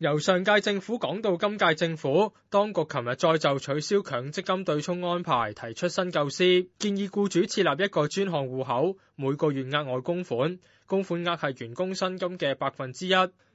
由上屆政府講到今屆政府，當局琴日再就取消強積金對沖安排提出新構思，建議僱主設立一個專項戶口，每個月額外供款，供款額係員工薪金嘅百分之一。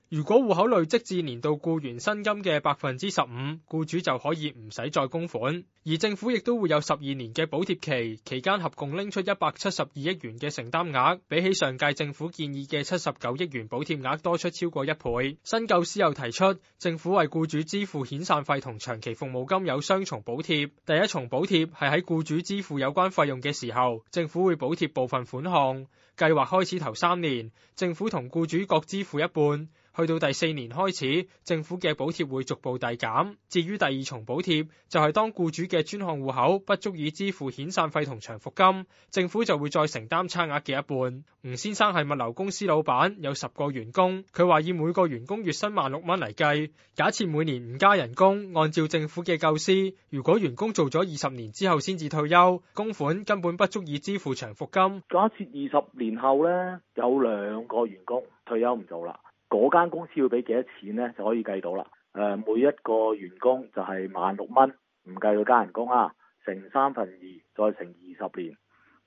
如果戶口累積至年度僱員薪金嘅百分之十五，僱主就可以唔使再供款，而政府亦都會有十二年嘅補貼期，期間合共拎出一百七十二億元嘅承擔額，比起上屆政府建議嘅七十九億元補貼額多出超過一倍。新構思又提出，政府為僱主支付遣散費同長期服務金有雙重補貼，第一重補貼係喺僱主支付有關費用嘅時候，政府會補貼部分款項。計劃開始頭三年，政府同僱主各支付一半。去到第四年開始，政府嘅補貼會逐步遞減。至於第二重補貼，就係當僱主嘅專項戶口不足以支付遣散費同長服金，政府就會再承擔差額嘅一半。吳先生係物流公司老闆，有十個員工。佢話以每個員工月薪萬六蚊嚟計，假設每年唔加人工，按照政府嘅構思，如果員工做咗二十年之後先至退休，供款根本不足以支付長服金。假設二十年後呢，有兩個員工退休唔做啦。嗰間公司要俾幾多錢呢？就可以計到啦。誒、呃，每一個員工就係萬六蚊，唔計佢加人工啊，乘三分二，再乘二十年，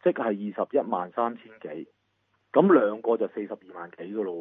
即係二十一萬三千幾。咁兩個就四十二萬幾噶咯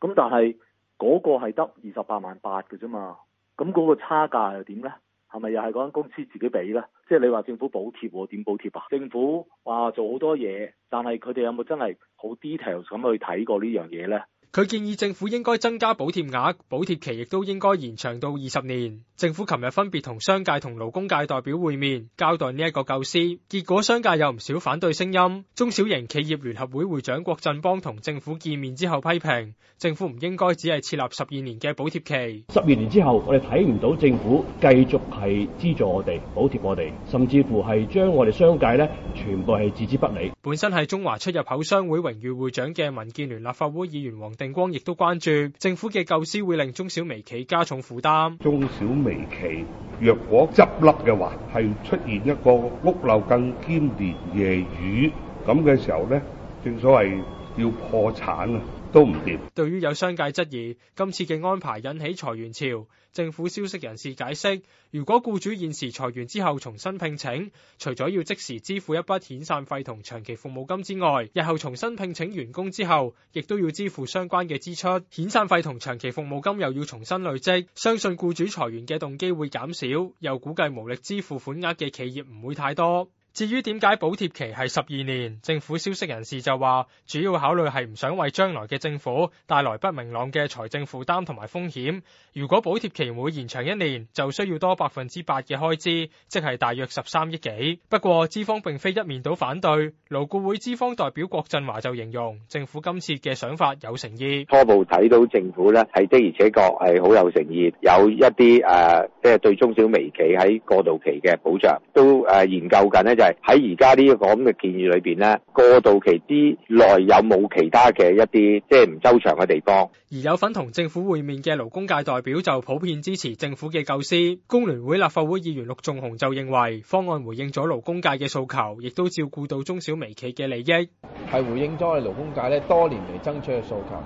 喎。咁但係嗰、嗰個係得二十八萬八嘅啫嘛。咁嗰個差價又點呢？係咪又係嗰間公司自己俾呢？即係你話政府補貼喎？點補貼啊？政府話做好多嘢，但係佢哋有冇真係好 details 咁去睇過呢樣嘢呢？佢建議政府應該增加補貼額，補貼期亦都應該延長到二十年。政府琴日分別同商界同勞工界代表會面，交代呢一個構思。結果商界有唔少反對聲音。中小型企業聯合會會長郭振邦同政府見面之後，批評政府唔應該只係設立十二年嘅補貼期。十二年之後，我哋睇唔到政府繼續係資助我哋、補貼我哋，甚至乎係將我哋商界呢全部係置之不理。本身係中華出入口商會榮譽會長嘅民建聯立法會議員黃明光亦都關注政府嘅救市會令中小微企加重負擔。中小微企若果執笠嘅話，係出現一個屋漏更兼連夜雨咁嘅時候咧，正所謂。要破產啊，都唔掂。對於有商界質疑今次嘅安排引起裁員潮，政府消息人士解釋，如果僱主現時裁員之後重新聘請，除咗要即時支付一筆遣散費同長期服務金之外，日後重新聘請員工之後，亦都要支付相關嘅支出。遣散費同長期服務金又要重新累積，相信僱主裁員嘅動機會減少，又估計無力支付款額嘅企業唔會太多。至於點解補貼期係十二年，政府消息人士就話，主要考慮係唔想為將來嘅政府帶來不明朗嘅財政負擔同埋風險。如果補貼期會延長一年，就需要多百分之八嘅開支，即係大約十三億幾。不過資方並非一面倒反對，勞顧會資方代表郭振華就形容，政府今次嘅想法有誠意。初步睇到政府咧係的而且確係好有誠意，有一啲誒即係對中小微企喺過渡期嘅保障都誒研究緊咧喺而家呢一個咁嘅建議裏邊呢，過渡期之內有冇其他嘅一啲即係唔周詳嘅地方？而有份同政府會面嘅勞工界代表就普遍支持政府嘅構思。工聯會立法會議員陸仲雄就認為，方案回應咗勞工界嘅訴求，亦都照顧到中小微企嘅利益。係回應咗我勞工界呢多年嚟爭取嘅訴求，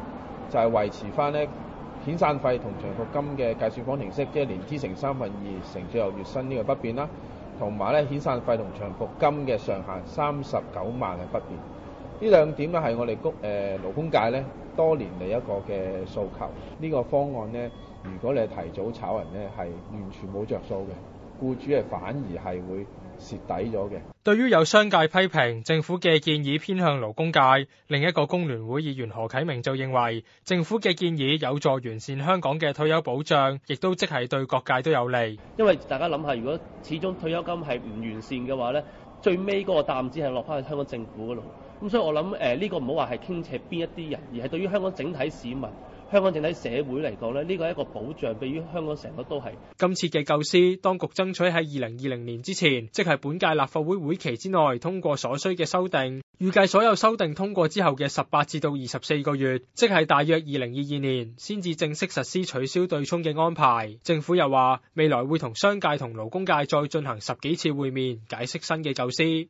就係維持返呢遣散費同長服金嘅計算方程式，即係年資乘三分二乘最後月薪呢個不變啦。同埋咧，遣散費同長服金嘅上限三十九萬係不變，兩呢兩點咧係我哋僱誒勞工界咧多年嚟一個嘅訴求。呢、這個方案咧，如果你係提早炒人咧，係完全冇着數嘅，僱主係反而係會。蝕底咗嘅。對於有商界批評政府嘅建議偏向勞工界，另一個工聯會議員何啟明就認為，政府嘅建議有助完善香港嘅退休保障，亦都即係對各界都有利。因為大家諗下，如果始終退休金係唔完善嘅話呢，最尾嗰個擔子係落翻去香港政府嗰度。咁、嗯、所以我諗誒呢個唔好話係傾斜邊一啲人，而係對於香港整體市民。香港整體社會嚟講咧，呢個係一個保障，對於香港成個都係今次嘅救施。當局爭取喺二零二零年之前，即係本屆立法會會期之內通過所需嘅修訂，預計所有修訂通過之後嘅十八至到二十四個月，即係大約二零二二年先至正式實施取消對沖嘅安排。政府又話未來會同商界同勞工界再進行十幾次會面，解釋新嘅救施。